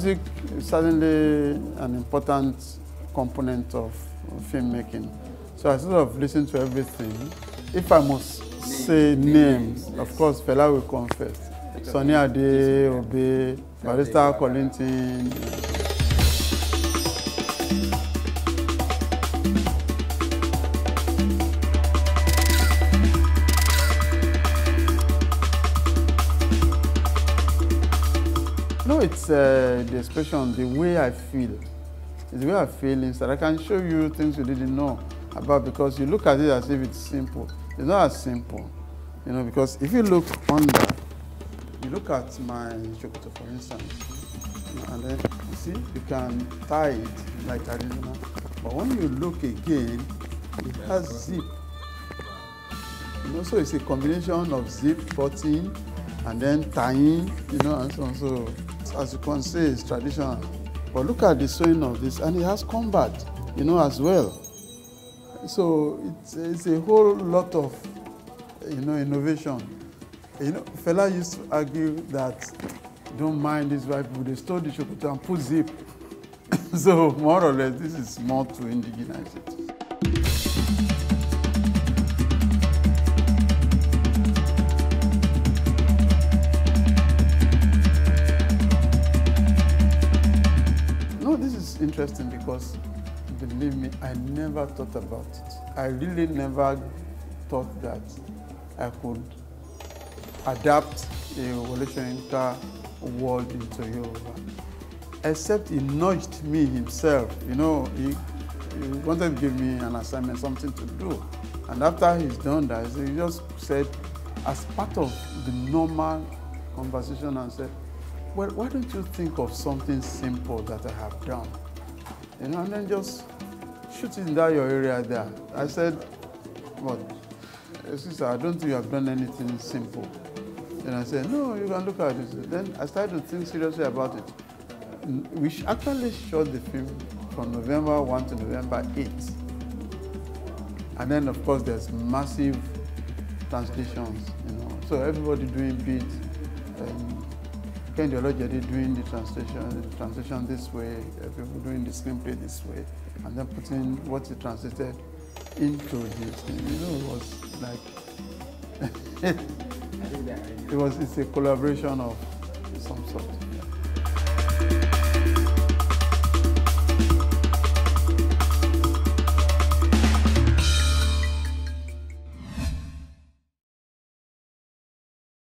music is suddenly an important component of filmmaking. So I sort of listen to everything. If I must say names, names of course, Fela will confess. Sonny Ade, Obe, Barrister Colinton. know it's uh, the expression, the way I feel. It's the way I feel inside. I can show you things you didn't know about because you look at it as if it's simple. It's not as simple, you know, because if you look under, you look at my chocolate, for instance, and then you see, you can tie it like traditional. But when you look again, it has zip. You know, so it's a combination of zip, button, and then tying, you know, and so on. So as you can see, is traditional. But look at the sewing of this, and it has combat, you know, as well. So it's, it's a whole lot of, you know, innovation. You know, fella used to argue that don't mind these white people, they stole the shokoto and put zip. so more or less, this is more to indigenize it. this is interesting because, believe me, I never thought about it. I really never thought that I could adapt a relational world into Yoruba, except he nudged me himself. You know, he, he wanted to give me an assignment, something to do. And after he's done that, he just said, as part of the normal conversation, and said, well, why don't you think of something simple that I have done? You know, and then just shoot in that your area there. I said, what? Eh, sister, I don't think you have done anything simple. And I said, no, you can look at it. Then I started to think seriously about it. We actually shot the film from November 1 to November 8. And then, of course, there's massive translations, you know. So everybody doing beat. Um, Kendi Olojede doing the translation, the translation this way, uh, people doing the screenplay this way, and then putting what he translated into this. You know, it was like, it was, it's a collaboration of some sort.